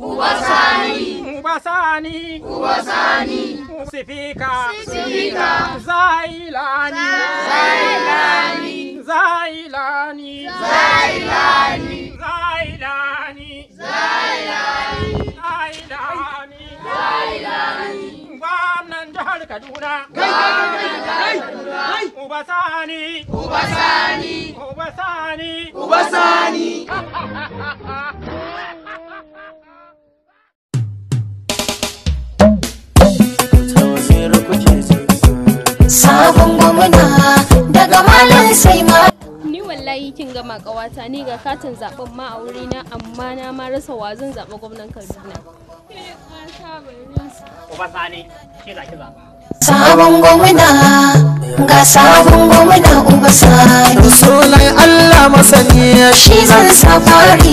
ubasani ubasani ubasani sifika sifika zailani Kaduna. Kai kai kai kai kai. Uba Sani. Uba Sani. Uba Sani. Uba Sabon gwamna daga malam sai ma. Ni wallahi kin gama kawata ni ga katin zaben ma a wurina amma na ma rasa wa zan zaɓa gwamnan Kaduna. Uba Sani, shi za ki zaɓa. sabon gwamna ga sabon gwamna uba sani sunan allah masaniya shi zan safari